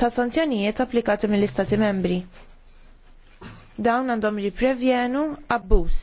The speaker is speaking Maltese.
ta' sanzjonijiet applikati mill-Istati membri. Dawn għandhom riprevjenu abbuż